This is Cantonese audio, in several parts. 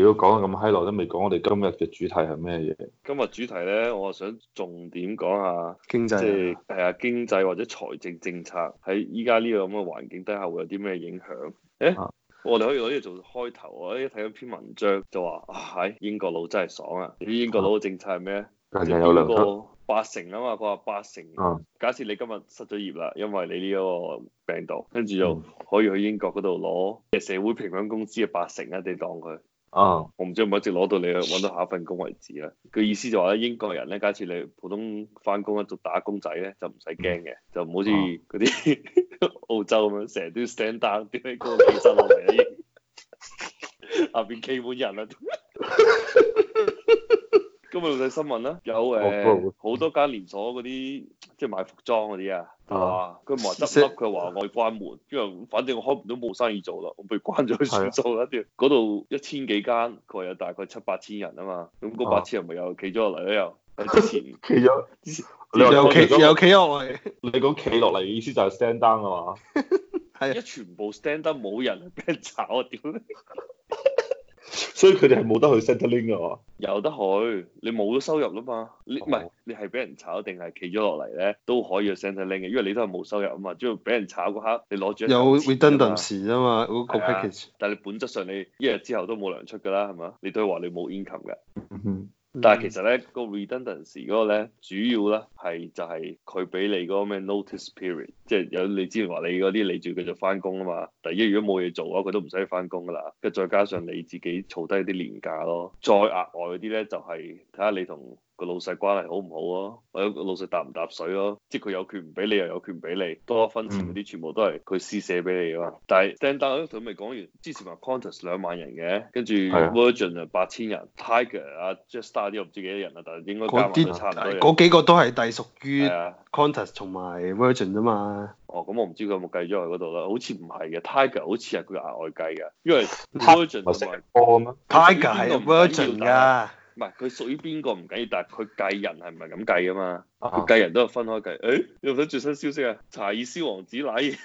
如果講到咁閪耐都未講，我哋今日嘅主題係咩嘢？今日主題咧，我想重點講下經濟、啊，即啊、就是、經濟或者財政政策喺依家呢個咁嘅環境底下會有啲咩影響？誒、啊欸，我哋可以攞呢個做開頭啊！我一睇一篇文章就話啊、哎，英國佬真係爽啊！英國佬嘅政策係咩？有、啊、英國八成啊嘛，佢話八成。啊！啊假設你今日失咗業啦，因為你呢個病毒，跟住又可以去英國嗰度攞嘅社會平均工資嘅八成啊，你當佢。.啊！Uh. 我唔知係咪一直攞到你去揾到下一份工為止啦。佢意思就話咧，英國人咧，假設你普通翻工咧，做打工仔咧，就唔使驚嘅，就唔好似嗰啲澳洲咁樣，成日都要 stand down up，吊起高起身落嚟， 下邊企滿人啊。 今日睇新聞啦，有誒好、oh, oh, oh. 多間連鎖嗰啲即係賣服裝嗰啲啊，係佢話執笠，佢話我去關門，之後反正我開門都冇生意做啦，我被關咗算數啦。嗰度的一千幾間，佢有大概七八千人啊嘛。咁嗰八千人咪又企咗落嚟咧？又之前企咗，又企又企落嚟。 你講企落嚟嘅意思就係 stand down 係嘛 的？係一 全部 stand down 冇人俾人炒啊！屌。 所以佢哋係冇得去 Centrelink 㗎嘛？有得去，你冇咗收入啦嘛？你唔係，你係俾人炒定係企咗落嚟咧，都可以去 Centrelink 嘅，因為你都係冇收入啊嘛。主要俾人炒嗰刻，你攞住有 redundancy 啊嘛嗰 package。但係你本質上你一日之後都冇糧出㗎啦，係嘛？你都係話你冇 income 嘅。Mm hmm. 嗯、但係其實咧，個 redundancy 嗰個咧，主要咧係就係佢俾你嗰個咩 notice period，即係有你之前話你嗰啲，你住叫做翻工啊嘛。第一，如果冇嘢做嘅話，佢都唔使去翻工噶啦。跟再加上你自己儲低啲年假咯，再額外嗰啲咧就係睇下你同個老細關係好唔好啊？或者個老細搭唔搭水咯？即係佢有權唔俾你，又有權唔俾你。多一分錢嗰啲，全部都係佢施捨俾你噶嘛。但係 Stand，我啲都未講完。之前話 Qantas 兩萬人嘅，跟住 Virgin 啊八千人，Tiger 啊 Jetstar 啲我唔知幾多人啊，但係應該加埋都差唔多。嗰啲嗰幾個都係隸屬於 Qantas 同埋 Virgin 啫嘛。哦，咁我唔知佢有冇計咗喺嗰度啦。好似唔係嘅，Tiger 好似係佢額外計嘅，因為 Tiger 係個 Virgin 啊。唔係佢屬於邊個唔緊要，但係佢計人係唔係咁計㗎嘛？啊，計人都係分開計。誒、欸，有冇啲最新消息啊？查爾斯王子奶嘢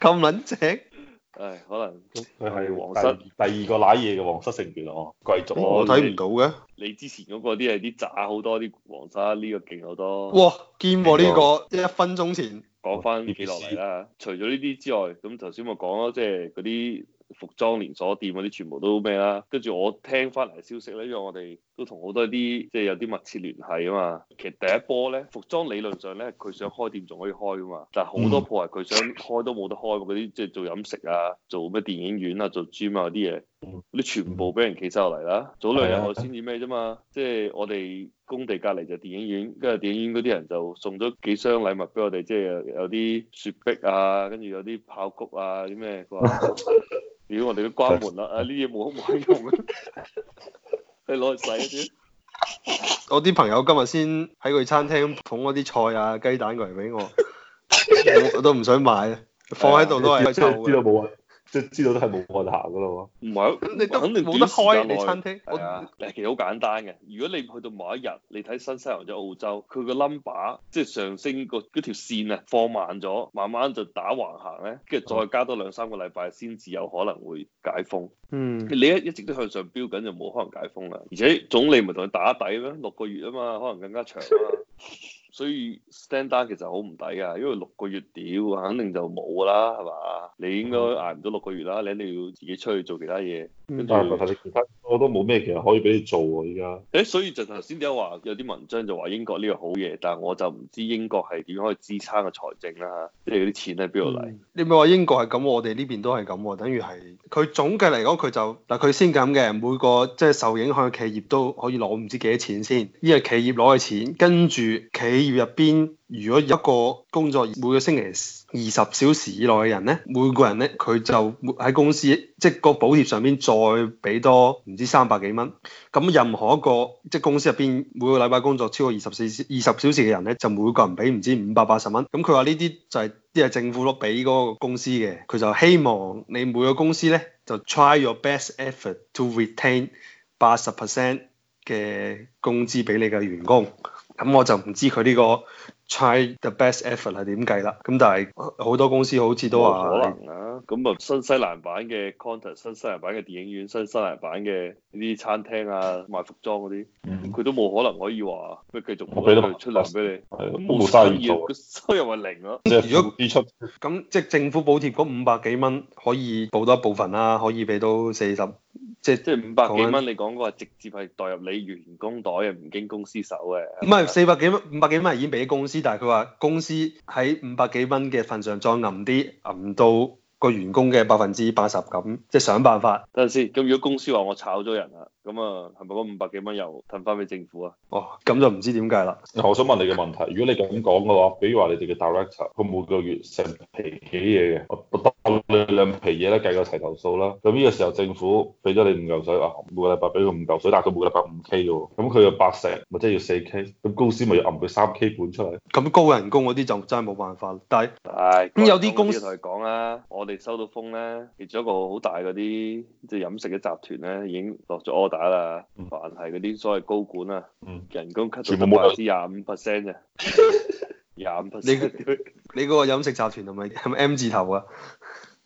咁撚正。誒、 嗯，可能佢係皇室第二個奶嘢嘅皇室成員哦，貴族。欸、我睇唔到嘅。你之前嗰個啲係啲渣好多，啲皇室呢個勁好多。哇！見喎呢、呢個一過分鐘前。講翻啲落嚟啦。斯除咗呢啲之外，咁頭先咪講咯，即係嗰啲。就是服裝連鎖店嗰啲全部都咩啦，跟住我聽翻嚟消息咧，因為我哋。都同好多啲即係有啲密切聯繫啊嘛，其實第一波咧，服裝理論上咧，佢想開店仲可以開噶嘛，但係好多鋪係，佢想開都冇得開，嗰啲即係做飲食啊，做咩電影院啊，做 gym 啊啲嘢，你全部俾人企曬落嚟啦。早兩日我先至咩啫嘛，即係我哋工地隔離就電影院，跟住電影院嗰啲人就送咗幾箱禮物俾我哋，即係有啲雪碧啊，跟住有啲爆谷啊啲咩，佢話：如果、 哎、我哋都關門啦，啊呢啲嘢冇冇用。你攞去，去洗先， 我啲朋友今日先喺佢餐廳捧嗰啲菜啊雞蛋嚟俾我，我，我都唔想買，放喺度都係臭嘅。即知道都係冇人行噶咯喎，唔係，你肯定冇得開你餐廳。係其實好簡單嘅。如果你去到某一日，你睇新西蘭或者澳洲，佢個 number 即係上升個嗰條線啊放慢咗，慢慢就打橫行咧，跟住再加多兩三個禮拜先至有可能會解封。嗯，你一一直都向上飆緊就冇可能解封啦。而且總理唔係同佢打底咩？六個月啊嘛，可能更加長啊嘛 所以 stand down 其實好唔抵噶，因為六個月屌肯定就冇噶啦，係嘛？你應該挨唔到六個月啦，你一定要自己出去做其他嘢。其他我都冇咩其實可以俾你做喎、啊，依家。誒、欸，所以就頭先有話有啲文章就話英國呢個好嘢，但係我就唔知英國係點樣可以支撐個財政啦，即係嗰啲錢喺邊度嚟？你咪話、嗯、英國係咁，我哋呢邊都係咁，等於係佢總計嚟講佢就嗱佢先咁嘅，每個即係受影響嘅企業都可以攞唔知幾多錢先，呢個企業攞嘅錢跟住企。業入邊，如果一個工作每個星期二十小時以內嘅人咧，每個人咧佢就喺公司即係個補貼上邊再俾多唔知三百幾蚊。咁任何一個即係公司入邊每個禮拜工作超過二十四二十小時嘅人咧，就每個人俾唔知五百八十蚊。咁佢話呢啲就係即係政府都俾嗰個公司嘅，佢就希望你每個公司咧就 try your best effort to retain 八十 percent 嘅工資俾你嘅員工。咁我就唔知佢呢個 try the best effort 係點計啦。咁但係好多公司好似都話可能啊。咁啊，新西蘭版嘅 counter、新西蘭版嘅電影院、新西蘭版嘅呢啲餐廳啊，賣服裝嗰啲，佢、嗯、都冇可能可以話咩繼續俾佢出糧俾你，係都冇生意做啊。收入咪零咯。即係如果支出咁， 即係政府補貼嗰五百幾蚊，可以補多一部分啦、啊，可以俾到四十。即係即係五百幾蚊，你講嗰話直接係代入你員工袋嘅，唔經公司手嘅。唔係四百幾蚊，五百幾蚊已經俾咗公司，但係佢話公司喺五百幾蚊嘅份上再揞啲，揞到個員工嘅百分之八十咁，即係想辦法。等陣先，咁如果公司話我炒咗人啊？咁啊，係咪五百幾蚊油退翻俾政府啊？哦，咁就唔知點解啦。我想問你嘅問題，如果你咁講嘅話，比如話你哋嘅 director，佢每個月成皮幾嘢嘅，我多兩兩皮嘢咧計過齊頭數啦。咁呢個時候政府俾咗你五嚿水，啊每個禮拜俾佢五嚿水，但係佢每個禮拜五 K 嘅喎，咁佢有八成，咪即係要四 K，咁公司咪要揞佢三 K 本出嚟？咁、嗯、高人工嗰啲就真係冇辦法啦。但係咁是、嗯、有啲公司嚟講啊，我哋收到風咧，其中一個好大嗰啲即係飲食嘅集團咧，已經落咗 order。啊啦，凡係嗰啲所謂高管啊，嗯、人工 cut 全部冇投資廿五 percent 啫，廿五 percent。你的 你你個飲食集團係咪係咪 M 字頭啊？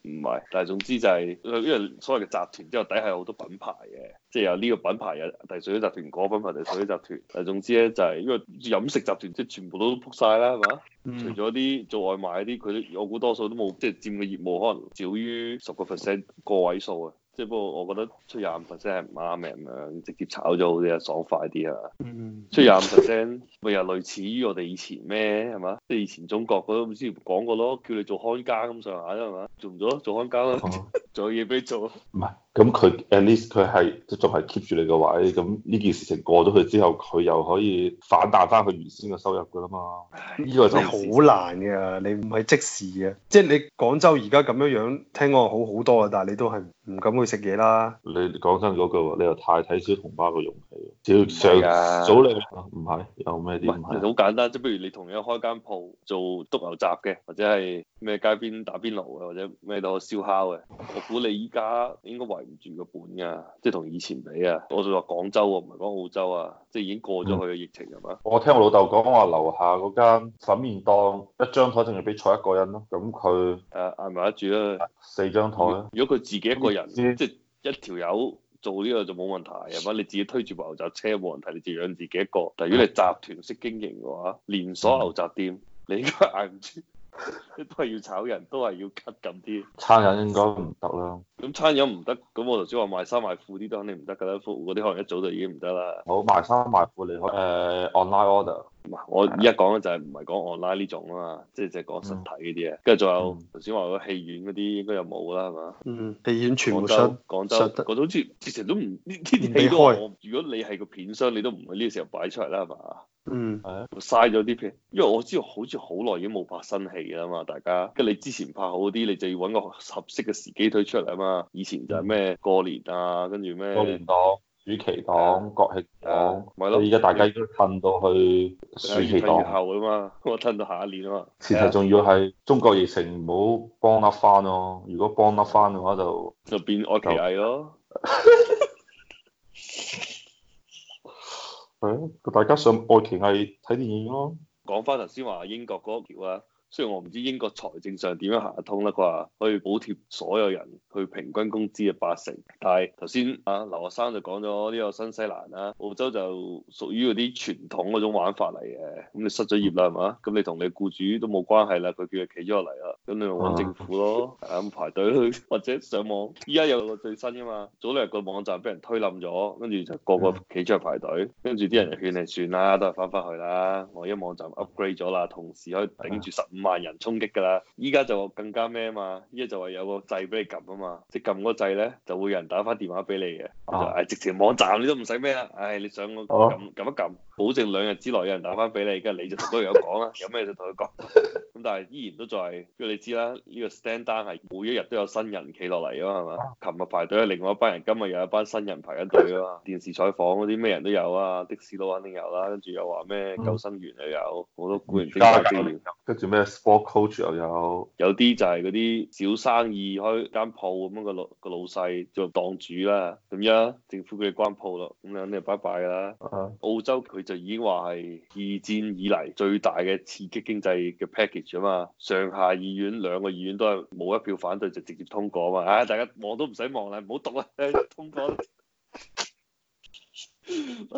唔係，但係總之就係、是，因為所謂嘅集團之後底下有好多品牌嘅，即、就、係、是、有呢個品牌又嚟屬於集團，嗰品牌嚟屬於集團。但係總之咧就係、是，因為飲食集團即係全部都撲晒啦，係嘛？嗯、除咗啲做外賣嗰啲，佢我估多數都冇，即、就、係、是、佔嘅業務可能少於十個 percent 個位數啊。即係不過我覺得出廿五 percent 係唔啱嘅，咁樣，直接炒咗好啲啊，爽快啲啊！ 出廿五 percent 咪又類似於我哋以前咩係嘛，即係以前中國嗰啲咁先講過咯，叫你做看家咁上下啫嘛，做唔做啊？做看家啦，做嘢俾你做。唔係，咁佢 at least，佢係都仲係 keep 住你個位，咁呢件事情過咗去之後，佢又可以反彈翻佢原先嘅收入噶啦嘛？呢個真係好難嘅，你唔係即時嘅，即係你廣州而家咁樣樣，聽講好好多啊，但係你都係。唔敢去食嘢啦！你講真嗰句話，你又太睇小同胞個勇氣。照上早、啊、你唔係有咩啲唔係好簡單？即係不如你同樣開間鋪做督牛雜嘅，或者係咩街邊打邊爐嘅，或者咩到燒烤嘅，我估你依家應該圍唔住個本㗎，即係同以前比啊！我就話廣州喎，唔係講澳洲啊，即、就、係、是、已經過咗佢嘅疫情咁嘛？嗯、嗎我聽我老豆講話，樓下嗰間粉麵檔一張台淨係俾坐一個人咯，咁佢誒捱埋得住啦，著著四張台。如果佢自己一個。人即係一條友做呢個就冇問題，係嘛？你自己推住牛雜車冇問題，你自己養自己一個。但如果你集團式經營嘅話，連鎖牛雜店你應該捱唔住， 都係要炒人，都係要 cut 啲。餐飲應該唔得啦。咁餐飲唔得，咁我頭先話賣衫賣褲啲都肯定唔得㗎啦。服嗰啲可能一早就已經唔得啦。好，賣衫賣褲，你可、誒、uh, online order。唔，我依家講咧就係唔係講我拉呢種啊嘛，即係就係、是、講實體嗰啲啊。跟住仲有頭先話個戲院嗰啲應該又冇啦，係嘛？嗯，戲院全部都廣州嗰種，好似之前都唔呢啲戲都開。如果你係個片商，你都唔會呢個時候擺出嚟啦係嘛？嗯，係啊，嘥咗啲片，因為我知道好似好耐已經冇拍新戲啦嘛，大家跟住你之前拍好啲，你就要揾個合適嘅時機推出嚟啊嘛。以前就係咩過年啊，跟住咩過年檔。麼暑期檔、的國慶檔，而家的大家已經趁到去暑期檔後啊嘛，我趁到下一年啊嘛。其實仲要係的中國疫情唔好幫得翻咯、啊，如果幫得翻嘅話就就變愛奇藝咯。係啊， 大家上愛奇藝睇電影咯。講翻頭先話英國嗰個橋啊。雖然我唔知英國財政上點樣行得通啦，佢話可以補貼所有人去平均工資嘅八成。但係頭先啊劉學生就講咗呢個新西蘭啦，澳洲就屬於嗰啲傳統嗰種玩法嚟嘅。咁你失咗業啦係嘛？咁你同你僱主都冇關係啦，佢叫你企咗落嚟啦，咁你咪揾政府咯。咁、啊、排隊去或者上網，依家有個最新㗎嘛？早兩日個網站俾人推冧咗，跟住就個個企咗去排隊，跟住啲人又勸你算啦，都係翻返去啦。我一個網站 upgrade 咗啦，同時可以頂住十五。萬人衝擊噶啦，依家就更加咩啊嘛，依家就話有個掣俾你撳啊嘛，即撳嗰掣咧，就會有人打翻電話俾你嘅，係、啊哎、直情網站你都唔使咩啦，唉、哎，你想我撳撳一撳。保證兩日之內有人打返俾你，跟住你就同佢有講啦， 有咩就同佢講。咁但係依然都在，因為你知啦，呢、呢個 stand down 係每一日都有新人企落嚟啊嘛，係嘛？琴日 排隊係另外一班人，今日有一班新人排緊隊啊嘛。 電視採訪嗰啲咩人都有啊，的士佬肯定有啦、啊，跟住又話咩救生員又有好多固然專家資料，跟住咩 sport coach 又有，有啲就係嗰啲小生意開間鋪咁樣個老、個老細做檔主啦，咁樣、啊、政府佢你關鋪咯，咁肯定拜拜啦。 澳洲佢已經話係二戰以嚟最大嘅刺激經濟嘅 package 啊嘛，上下議院兩個議院都係冇一票反對，就直接通過嘛啊嘛，唉，大家望都唔使望啦，唔好讀啊，通過。